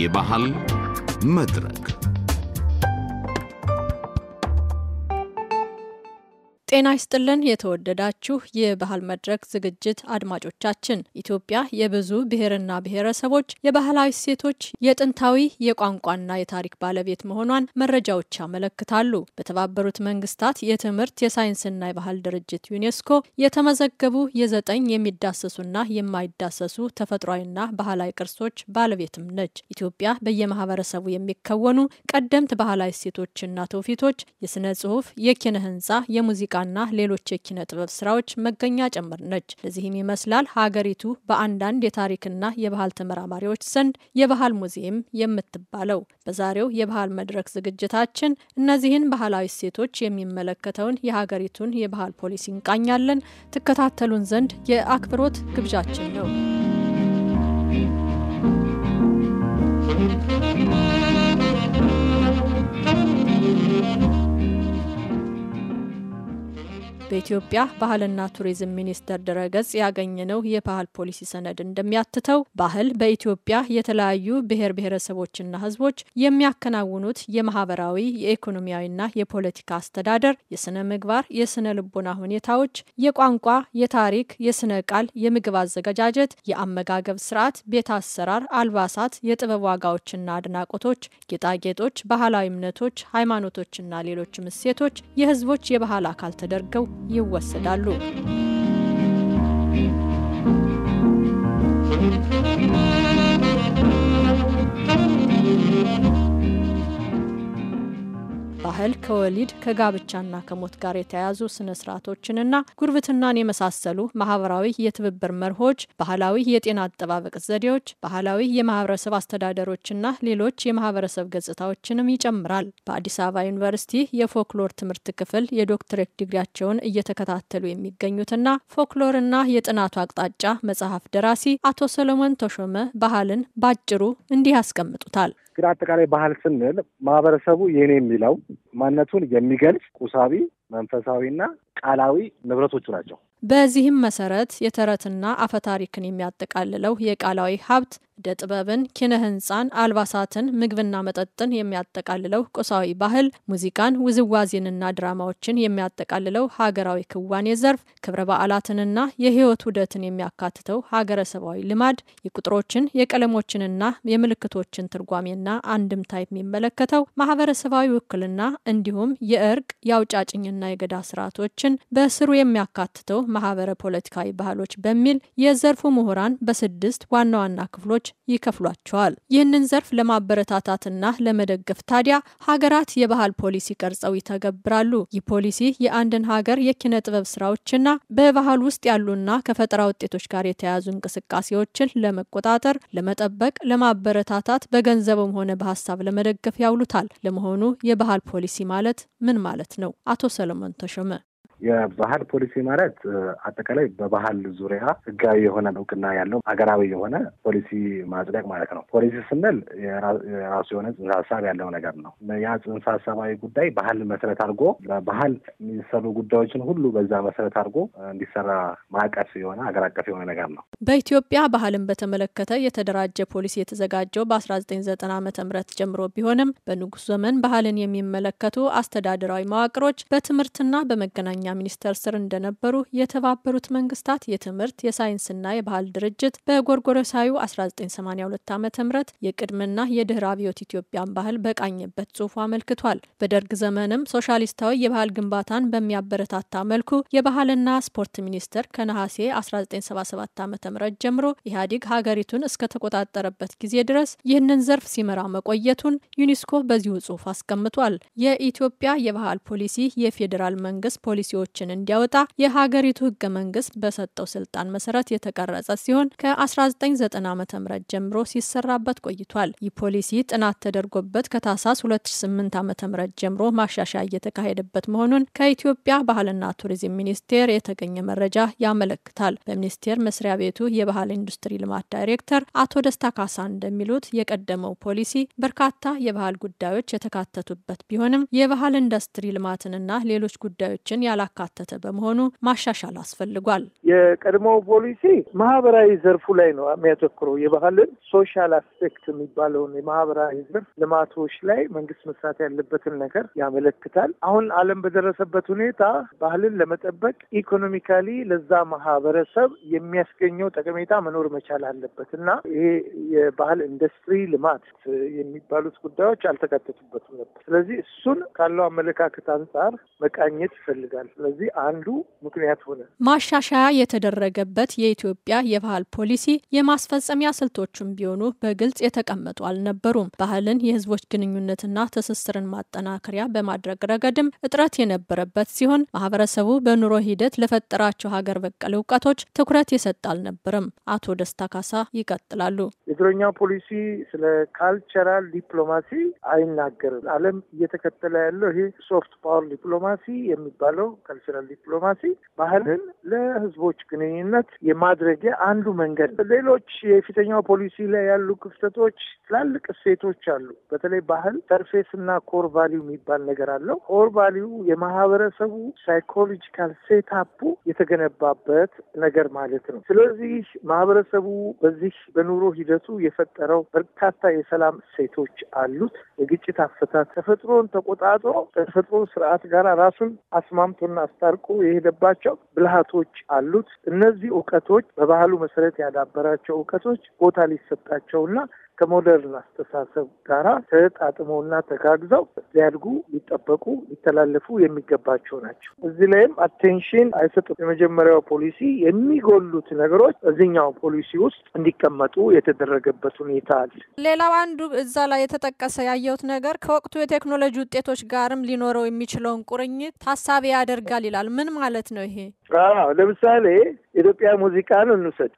የባህል መድረክ ጤና ይስጥልን የተወደዳችሁ የባህል መድረክ ዝግጅት አድማጮቻችን፣ ኢትዮጵያ የብዙ ብሔርና ብሔረሰቦች የባህላዊ እሴቶች የጥንታዊ የቋንቋና የታሪክ ባለቤት መሆኗን መረጃዎች ያመለክታሉ። በተባበሩት መንግስታት የትምህርት የሳይንስና የባህል ድርጅት ዩኔስኮ የተመዘገቡ የዘጠኝ የሚዳሰሱና የማይዳሰሱ ተፈጥሯዊና ባህላዊ ቅርሶች ባለቤትም ነች። ኢትዮጵያ በየማህበረሰቡ የሚከወኑ ቀደምት ባህላዊ እሴቶችና ትውፊቶች፣ የስነ ጽሁፍ፣ የኪነ ህንጻ፣ የሙዚቃ ሙዚቃና ሌሎች የኪነ ጥበብ ስራዎች መገኛ ጭምር ነች። ለዚህም ይመስላል ሀገሪቱ በአንዳንድ የታሪክና የባህል ተመራማሪዎች ዘንድ የባህል ሙዚየም የምትባለው። በዛሬው የባህል መድረክ ዝግጅታችን እነዚህን ባህላዊ እሴቶች የሚመለከተውን የሀገሪቱን የባህል ፖሊሲ እንቃኛለን። ትከታተሉን ዘንድ የአክብሮት ግብዣችን ነው። Thank you. በኢትዮጵያ ባህልና ቱሪዝም ሚኒስቴር ድረገጽ ያገኘነው የባህል ፖሊሲ ሰነድ እንደሚያትተው ባህል በኢትዮጵያ የተለያዩ ብሔር ብሔረሰቦችና ሕዝቦች የሚያከናውኑት የማህበራዊ የኢኮኖሚያዊና የፖለቲካ አስተዳደር፣ የስነ ምግባር፣ የስነ ልቦና ሁኔታዎች፣ የቋንቋ፣ የታሪክ፣ የስነ ቃል፣ የምግብ አዘገጃጀት፣ የአመጋገብ ስርዓት፣ ቤት አሰራር፣ አልባሳት፣ የጥበብ ዋጋዎችና አድናቆቶች፣ ጌጣጌጦች፣ ባህላዊ እምነቶች፣ ሃይማኖቶችና ሌሎችም እሴቶች የህዝቦች የባህል አካል ተደርገው ይወሰዳሉ። Thank you. ባህል ከወሊድ ከጋብቻና ከሞት ጋር የተያያዙ ስነ ስርዓቶችንና ጉርብትናን የመሳሰሉ ማህበራዊ የትብብር መርሆች፣ ባህላዊ የጤና አጠባበቅ ዘዴዎች፣ ባህላዊ የማህበረሰብ አስተዳደሮችና ሌሎች የማህበረሰብ ገጽታዎችንም ይጨምራል። በአዲስ አበባ ዩኒቨርሲቲ የፎክሎር ትምህርት ክፍል የዶክትሬት ዲግሪያቸውን እየተከታተሉ የሚገኙትና ፎክሎርና የጥናቱ አቅጣጫ መጽሐፍ ደራሲ አቶ ሰለሞን ተሾመ ባህልን ባጭሩ እንዲህ ያስቀምጡታል። ግን አጠቃላይ ባህል ስንል ማህበረሰቡ የኔ የሚለው ማንነቱን የሚገልጽ ቁሳዊ፣ መንፈሳዊና ቃላዊ ንብረቶቹ ናቸው። በዚህም መሰረት የተረትና አፈታሪክን የሚያጠቃልለው የቃላዊ ሀብት እደ ጥበብን፣ ኪነ ህንፃን፣ አልባሳትን፣ ምግብና መጠጥን የሚያጠቃልለው ቁሳዊ ባህል፣ ሙዚቃን፣ ውዝዋዜንና ድራማዎችን የሚያጠቃልለው ሀገራዊ ክዋኔ ዘርፍ፣ ክብረ በዓላትንና የህይወት ውደትን የሚያካትተው ሀገረሰባዊ ልማድ፣ የቁጥሮችን የቀለሞችንና የምልክቶችን ትርጓሜና አንድምታ የሚመለከተው ማህበረሰባዊ ውክልና እንዲሁም የእርቅ የአውጫጭኝና የገዳ ስርዓቶችን በስሩ የሚያካትተው ማህበረ ፖለቲካዊ ባህሎች በሚል የዘርፉ ምሁራን በስድስት ዋና ዋና ክፍሎች ይከፍሏቸዋል። ይህንን ዘርፍ ለማበረታታትና ለመደገፍ ታዲያ ሀገራት የባህል ፖሊሲ ቀርጸው ይተገብራሉ። ይህ ፖሊሲ የአንድን ሀገር የኪነ ጥበብ ስራዎችና በባህል ውስጥ ያሉና ከፈጠራ ውጤቶች ጋር የተያያዙ እንቅስቃሴዎችን ለመቆጣጠር፣ ለመጠበቅ፣ ለማበረታታት በገንዘብም ሆነ በሀሳብ ለመደገፍ ያውሉታል። ለመሆኑ የባህል ፖሊሲ ፖሊሲ ማለት ምን ማለት ነው? አቶ ሰለሞን ተሾመ የባህል ፖሊሲ ማለት አጠቃላይ በባህል ዙሪያ ህጋዊ የሆነ እውቅና ያለው ሀገራዊ የሆነ ፖሊሲ ማጽደቅ ማለት ነው። ፖሊሲ ስንል የራሱ የሆነ ጽንሰ ሀሳብ ያለው ነገር ነው። ያ ጽንሰ ሀሳባዊ ጉዳይ ባህል መሰረት አድርጎ በባህል የሚሰሩ ጉዳዮችን ሁሉ በዛ መሰረት አድርጎ እንዲሰራ ማዕቀፍ የሆነ ሀገር አቀፍ የሆነ ነገር ነው። በኢትዮጵያ ባህልን በተመለከተ የተደራጀ ፖሊሲ የተዘጋጀው በ1990 ዓ ም ጀምሮ ቢሆንም በንጉስ ዘመን ባህልን የሚመለከቱ አስተዳደራዊ መዋቅሮች በትምህርትና በመገናኛ ሚኒስቴር ስር እንደነበሩ የተባበሩት መንግስታት የትምህርት የሳይንስና የባህል ድርጅት በጎርጎረሳዩ 1982 ዓ ም የቅድምና የድህረ አብዮት ኢትዮጵያን ባህል በቃኘበት ጽሑፉ አመልክቷል። በደርግ ዘመንም ሶሻሊስታዊ የባህል ግንባታን በሚያበረታታ መልኩ የባህልና ስፖርት ሚኒስቴር ከነሐሴ 1977 ዓ ም ጀምሮ ኢህአዴግ ሀገሪቱን እስከተቆጣጠረበት ጊዜ ድረስ ይህንን ዘርፍ ሲመራ መቆየቱን ዩኒስኮ በዚሁ ጽሑፍ አስቀምጧል። የኢትዮጵያ የባህል ፖሊሲ የፌዴራል መንግስት ፖሊሲዎች ገዢዎችን እንዲያወጣ የሀገሪቱ ህገ መንግስት በሰጠው ስልጣን መሰረት የተቀረጸ ሲሆን ከ1990 ዓ ም ጀምሮ ሲሰራበት ቆይቷል። ይህ ፖሊሲ ጥናት ተደርጎበት ከታሳስ 2008 ዓ ም ጀምሮ ማሻሻያ እየተካሄደበት መሆኑን ከኢትዮጵያ ባህልና ቱሪዝም ሚኒስቴር የተገኘ መረጃ ያመለክታል። በሚኒስቴር መስሪያ ቤቱ የባህል ኢንዱስትሪ ልማት ዳይሬክተር አቶ ደስታ ካሳ እንደሚሉት የቀደመው ፖሊሲ በርካታ የባህል ጉዳዮች የተካተቱበት ቢሆንም የባህል ኢንዱስትሪ ልማትንና ሌሎች ጉዳዮችን ያላ ያካተተ በመሆኑ ማሻሻል አስፈልጓል። የቀድሞው ፖሊሲ ማህበራዊ ዘርፉ ላይ ነው የሚያተኩረው። የባህልን ሶሻል አስፔክት የሚባለውን የማህበራዊ ዘርፍ ልማቶች ላይ መንግስት መስራት ያለበትን ነገር ያመለክታል። አሁን ዓለም በደረሰበት ሁኔታ ባህልን ለመጠበቅ ኢኮኖሚካሊ ለዛ ማህበረሰብ የሚያስገኘው ጠቀሜታ መኖር መቻል አለበት እና ይሄ የባህል ኢንዱስትሪ ልማት የሚባሉት ጉዳዮች አልተካተቱበትም ነበር። ስለዚህ እሱን ካለው አመለካከት አንጻር መቃኘት ይፈልጋል። ስለዚህ አንዱ ምክንያት ሆነ። ማሻሻያ የተደረገበት የኢትዮጵያ የባህል ፖሊሲ የማስፈጸሚያ ስልቶቹም ቢሆኑ በግልጽ የተቀመጡ አልነበሩም። ባህልን የህዝቦች ግንኙነትና ትስስርን ማጠናከሪያ በማድረግ ረገድም እጥረት የነበረበት ሲሆን ማህበረሰቡ በኑሮ ሂደት ለፈጠራቸው ሀገር በቀል እውቀቶች ትኩረት የሰጠ አልነበረም። አቶ ደስታ ካሳ ይቀጥላሉ። የእግረኛው ፖሊሲ ስለ ካልቸራል ዲፕሎማሲ አይናገርም። ዓለም እየተከተለ ያለው ይሄ ሶፍት ፓወር ዲፕሎማሲ የሚባለው ካልቸራል ዲፕሎማሲ ባህልን ለህዝቦች ግንኙነት የማድረጊያ አንዱ መንገድ። ሌሎች የፊተኛው ፖሊሲ ላይ ያሉ ክፍተቶች ትላልቅ እሴቶች አሉ። በተለይ ባህል ሰርፌስ እና ኮር ቫሊዩ የሚባል ነገር አለው። ኮር ቫሊዩ የማህበረሰቡ ሳይኮሎጂካል ሴታፑ የተገነባበት ነገር ማለት ነው። ስለዚህ ማህበረሰቡ በዚህ በኑሮ ሂደቱ የፈጠረው በርካታ የሰላም እሴቶች አሉት። የግጭት አፈታት ተፈጥሮን ተቆጣጥሮ ተፈጥሮ ስርዓት ጋር ራሱን አስማምቶ ባህልና አስታርቆ የሄደባቸው ብልሃቶች አሉት። እነዚህ እውቀቶች በባህሉ መሰረት ያዳበራቸው እውቀቶች ቦታ ሊሰጣቸውና ከሞደርን አስተሳሰብ ጋራ ተጣጥመውና ተጋግዘው ሊያድጉ ሊጠበቁ ሊተላለፉ የሚገባቸው ናቸው። እዚህ ላይም አቴንሽን አይሰጡም። የመጀመሪያው ፖሊሲ የሚጎሉት ነገሮች እዚኛው ፖሊሲ ውስጥ እንዲቀመጡ የተደረገበት ሁኔታ አለ። ሌላው አንዱ እዛ ላይ የተጠቀሰ ያየሁት ነገር ከወቅቱ የቴክኖሎጂ ውጤቶች ጋርም ሊኖረው የሚችለውን ቁርኝት ታሳቢ ያደርጋል ይላል። ምን ማለት ነው ይሄ? ለምሳሌ የኢትዮጵያ ሙዚቃን እንውሰድ፣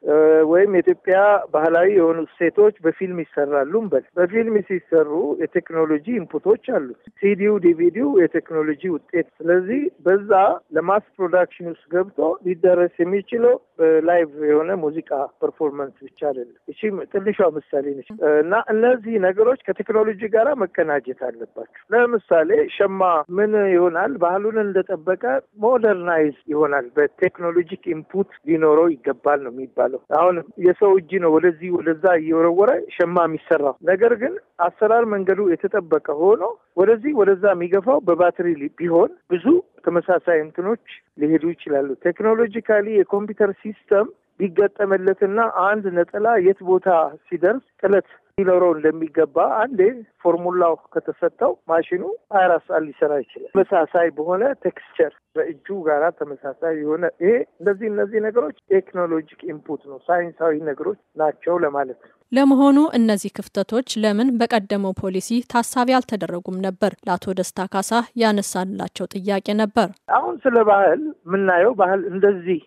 ወይም የኢትዮጵያ ባህላዊ የሆኑ ሴቶች በፊልም ይሰራሉም። በፊልም ሲሰሩ የቴክኖሎጂ ኢንፑቶች አሉት። ሲዲው፣ ዲቪዲው የቴክኖሎጂ ውጤት። ስለዚህ በዛ ለማስ ፕሮዳክሽን ውስጥ ገብቶ ሊደረስ የሚችለው በላይቭ የሆነ ሙዚቃ ፐርፎርማንስ ብቻ አይደለም። እቺም ትንሿ ምሳሌ ነች እና እነዚህ ነገሮች ከቴክኖሎጂ ጋር መቀናጀት አለባቸው። ለምሳሌ ሸማ ምን ይሆናል? ባህሉን እንደጠበቀ ሞደርናይዝ ይሆናል። በቴክኖሎጂክ ኢንፑት ሊኖረው ይገባል ነው የሚባለው። አሁን የሰው እጅ ነው ወደዚህ ወደዛ እየወረወረ ሸማ ጫማ የሚሰራው። ነገር ግን አሰራር መንገዱ የተጠበቀ ሆኖ ወደዚህ ወደዛ የሚገፋው በባትሪ ቢሆን ብዙ ተመሳሳይ እንትኖች ሊሄዱ ይችላሉ። ቴክኖሎጂካሊ የኮምፒውተር ሲስተም ቢገጠመለትና አንድ ነጠላ የት ቦታ ሲደርስ ጥለት ሊኖረው እንደሚገባ አንዴ ፎርሙላው ከተሰጠው ማሽኑ ሃያ አራት ሰዓት ሊሰራ ይችላል። ተመሳሳይ በሆነ ቴክስቸር በእጁ ጋራ ተመሳሳይ የሆነ ይሄ እነዚህ እነዚህ ነገሮች ቴክኖሎጂክ ኢንፑት ነው፣ ሳይንሳዊ ነገሮች ናቸው ለማለት ነው። ለመሆኑ እነዚህ ክፍተቶች ለምን በቀደመው ፖሊሲ ታሳቢ አልተደረጉም ነበር? ለአቶ ደስታ ካሳ ያነሳንላቸው ጥያቄ ነበር። አሁን ስለ ባህል የምናየው ባህል እንደዚህ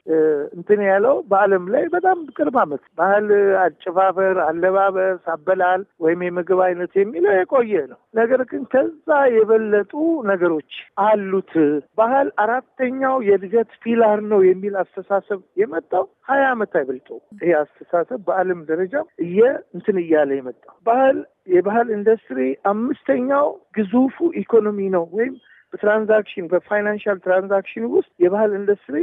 እንትን ያለው በዓለም ላይ በጣም ቅርብ ዓመት ባህል አጨፋፈር፣ አለባበስ፣ አበላ ይበላል ወይም የምግብ አይነት የሚለው የቆየ ነው። ነገር ግን ከዛ የበለጡ ነገሮች አሉት። ባህል አራተኛው የእድገት ፊላር ነው የሚል አስተሳሰብ የመጣው ሀያ ዓመት አይበልጦ ይህ አስተሳሰብ በዓለም ደረጃ እየ እንትን እያለ የመጣው ባህል የባህል ኢንዱስትሪ አምስተኛው ግዙፉ ኢኮኖሚ ነው ወይም በትራንዛክሽን በፋይናንሻል ትራንዛክሽን ውስጥ የባህል ኢንዱስትሪ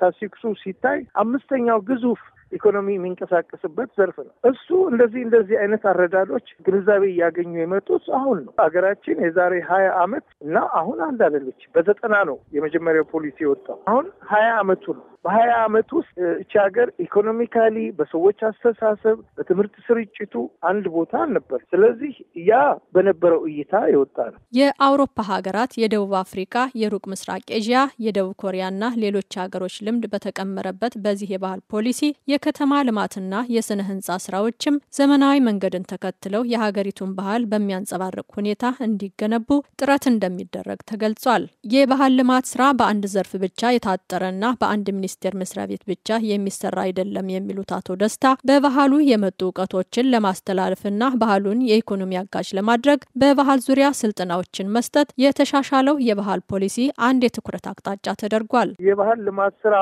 ሳሲክሱ ሲታይ አምስተኛው ግዙፍ ኢኮኖሚ የሚንቀሳቀስበት ዘርፍ ነው። እሱ እንደዚህ እንደዚህ አይነት አረዳዶች ግንዛቤ እያገኙ የመጡት አሁን ነው። ሀገራችን የዛሬ ሀያ አመት እና አሁን አንድ አይደለች። በዘጠና ነው የመጀመሪያው ፖሊሲ የወጣው። አሁን ሀያ አመቱ ነው። በሀያ አመት ውስጥ እቺ ሀገር ኢኮኖሚካሊ፣ በሰዎች አስተሳሰብ፣ በትምህርት ስርጭቱ አንድ ቦታ አልነበር። ስለዚህ ያ በነበረው እይታ የወጣ ነው። የአውሮፓ ሀገራት፣ የደቡብ አፍሪካ፣ የሩቅ ምስራቅ ኤዥያ፣ የደቡብ ኮሪያና ሌሎች ሀገሮች ልምድ በተቀመረበት በዚህ የባህል ፖሊሲ የከተማ ልማትና የስነ ህንጻ ስራዎችም ዘመናዊ መንገድን ተከትለው የሀገሪቱን ባህል በሚያንጸባርቅ ሁኔታ እንዲገነቡ ጥረት እንደሚደረግ ተገልጿል። የባህል ልማት ስራ በአንድ ዘርፍ ብቻ የታጠረና በአንድ ሚኒስቴር መስሪያ ቤት ብቻ የሚሰራ አይደለም የሚሉት አቶ ደስታ በባህሉ የመጡ እውቀቶችን ለማስተላለፍና ባህሉን የኢኮኖሚ አጋዥ ለማድረግ በባህል ዙሪያ ስልጠናዎችን መስጠት የተሻሻለው የባህል ፖሊሲ አንድ የትኩረት አቅጣጫ ተደርጓል። የባህል ልማት ስራ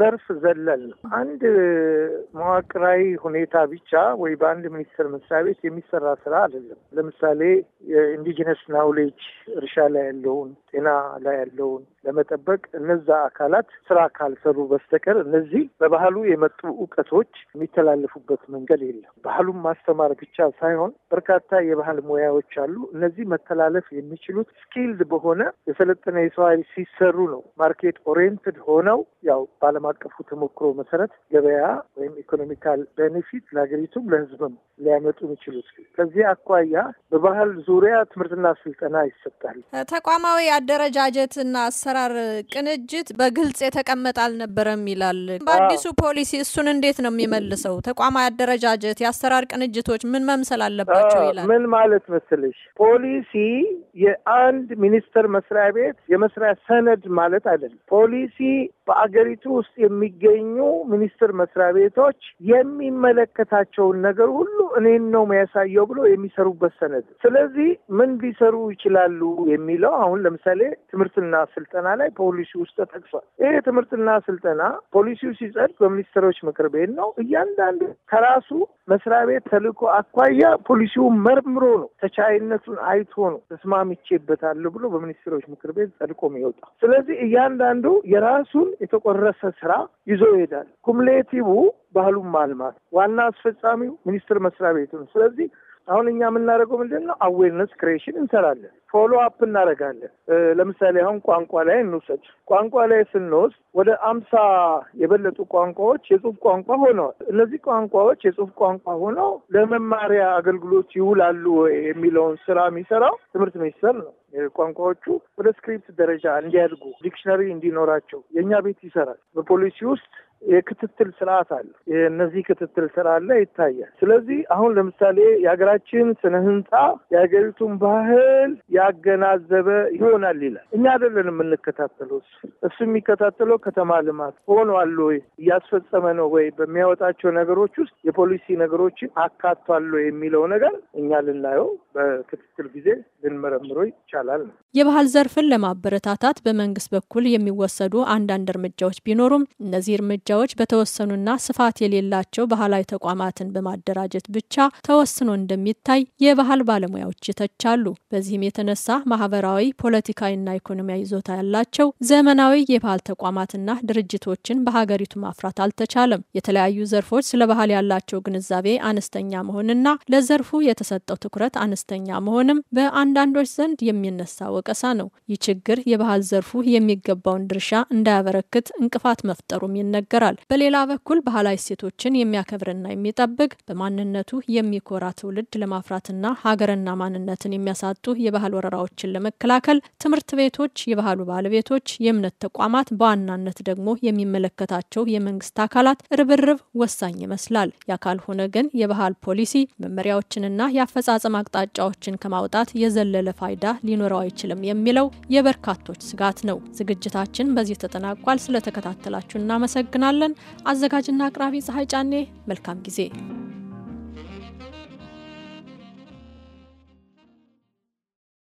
ዘርፍ ዘለል አንድ መዋቅራዊ ሁኔታ ብቻ ወይ በአንድ ሚኒስቴር መስሪያ ቤት የሚሰራ ስራ አይደለም። ለምሳሌ የኢንዲጂነስ ናውሌጅ እርሻ ላይ ያለውን፣ ጤና ላይ ያለውን ለመጠበቅ እነዛ አካላት ስራ ካልሰሩ በስተቀር እነዚህ በባህሉ የመጡ እውቀቶች የሚተላለፉበት መንገድ የለም። ባህሉን ማስተማር ብቻ ሳይሆን በርካታ የባህል ሙያዎች አሉ። እነዚህ መተላለፍ የሚችሉት ስኪልድ በሆነ የሰለጠነ የሰው ኃይል ሲሰሩ ነው። ማርኬት ኦሪየንትድ ሆነው ያው በዓለም አቀፉ ተሞክሮ መሰረት ገበያ ወይም ኢኮኖሚካል ቤኔፊት ለሀገሪቱም ለህዝብም ሊያመጡ የሚችሉት። ከዚህ አኳያ በባህል ዙሪያ ትምህርትና ስልጠና ይሰጣል። ተቋማዊ አደረጃጀትና አሰራር ቅንጅት በግልጽ የተቀመጠ አልነበረም ይላል። በአዲሱ ፖሊሲ እሱን እንዴት ነው የሚመልሰው? ተቋማዊ አደረጃጀት፣ የአሰራር ቅንጅቶች ምን መምሰል አለባቸው ይላል። ምን ማለት መሰለሽ ፖሊሲ የአንድ ሚኒስቴር መስሪያ ቤት የመስሪያ ሰነድ ማለት አይደለም። ፖሊሲ በአገሪቱ ውስጥ የሚገኙ ሚኒስቴር መስሪያ ቤት ቤቶች የሚመለከታቸውን ነገር ሁሉ እኔን ነው የሚያሳየው ብሎ የሚሰሩበት ሰነድ። ስለዚህ ምን ሊሰሩ ይችላሉ የሚለው አሁን ለምሳሌ ትምህርትና ስልጠና ላይ ፖሊሲ ውስጥ ተጠቅሷል። ይህ ትምህርትና ስልጠና ፖሊሲው ሲጸድቅ በሚኒስትሮች ምክር ቤት ነው። እያንዳንዱ ከራሱ መስሪያ ቤት ተልእኮ አኳያ ፖሊሲው መርምሮ ነው ተቻይነቱን አይቶ ነው ተስማምቼበታለሁ ብሎ በሚኒስትሮች ምክር ቤት ጸድቆ የሚወጣ። ስለዚህ እያንዳንዱ የራሱን የተቆረሰ ስራ ይዞ ይሄዳል። ኩምሌቲቡ ባህሉን ማልማት ዋና አስፈጻሚው ሚኒስቴር መስሪያ ቤቱ ነው። ስለዚህ አሁን እኛ የምናደርገው ምንድን ነው? አዌርነስ ክሬሽን እንሰራለን፣ ፎሎ አፕ እናደርጋለን። ለምሳሌ አሁን ቋንቋ ላይ እንውሰድ። ቋንቋ ላይ ስንወስድ ወደ አምሳ የበለጡ ቋንቋዎች የጽሁፍ ቋንቋ ሆነዋል። እነዚህ ቋንቋዎች የጽሁፍ ቋንቋ ሆነው ለመማሪያ አገልግሎት ይውላሉ ወይ የሚለውን ስራ የሚሰራው ትምህርት ሚኒስቴር ነው። ቋንቋዎቹ ወደ ስክሪፕት ደረጃ እንዲያድጉ ዲክሽነሪ እንዲኖራቸው የእኛ ቤት ይሰራል። በፖሊሲ ውስጥ የክትትል ስርዓት አለ። እነዚህ ክትትል ስራ አለ ይታያል። ስለዚህ አሁን ለምሳሌ የሀገራችን ስነ ህንፃ የሀገሪቱን ባህል ያገናዘበ ይሆናል ይላል። እኛ አይደለን የምንከታተለው እሱ እሱ የሚከታተለው ከተማ ልማት ሆኗል ወይ እያስፈጸመ ነው ወይ በሚያወጣቸው ነገሮች ውስጥ የፖሊሲ ነገሮችን አካቷል የሚለው ነገር እኛ ልናየው በክትትል ጊዜ ልንመረምሮ ይቻላል ነው። የባህል ዘርፍን ለማበረታታት በመንግስት በኩል የሚወሰዱ አንዳንድ እርምጃዎች ቢኖሩም እነዚህ እርምጃ እርምጃዎች በተወሰኑና ስፋት የሌላቸው ባህላዊ ተቋማትን በማደራጀት ብቻ ተወስኖ እንደሚታይ የባህል ባለሙያዎች ይተቻሉ። በዚህም የተነሳ ማህበራዊ፣ ፖለቲካዊና ኢኮኖሚያዊ ይዞታ ያላቸው ዘመናዊ የባህል ተቋማትና ድርጅቶችን በሀገሪቱ ማፍራት አልተቻለም። የተለያዩ ዘርፎች ስለ ባህል ያላቸው ግንዛቤ አነስተኛ መሆንና ለዘርፉ የተሰጠው ትኩረት አነስተኛ መሆንም በአንዳንዶች ዘንድ የሚነሳ ወቀሳ ነው። ይህ ችግር የባህል ዘርፉ የሚገባውን ድርሻ እንዳያበረክት እንቅፋት መፍጠሩም ይነገራል። ይናገራል። በሌላ በኩል ባህላዊ እሴቶችን የሚያከብርና የሚጠብቅ በማንነቱ የሚኮራ ትውልድ ለማፍራትና ሀገርና ማንነትን የሚያሳጡ የባህል ወረራዎችን ለመከላከል ትምህርት ቤቶች፣ የባህሉ ባለቤቶች፣ የእምነት ተቋማት በዋናነት ደግሞ የሚመለከታቸው የመንግስት አካላት ርብርብ ወሳኝ ይመስላል። ያ ካልሆነ ግን የባህል ፖሊሲ መመሪያዎችንና የአፈጻጸም አቅጣጫዎችን ከማውጣት የዘለለ ፋይዳ ሊኖረው አይችልም የሚለው የበርካቶች ስጋት ነው። ዝግጅታችን በዚህ ተጠናቋል። ስለተከታተላችሁ እናመሰግናል። እናመሰግናለን። አዘጋጅና አቅራቢ ፀሐይ ጫኔ። መልካም ጊዜ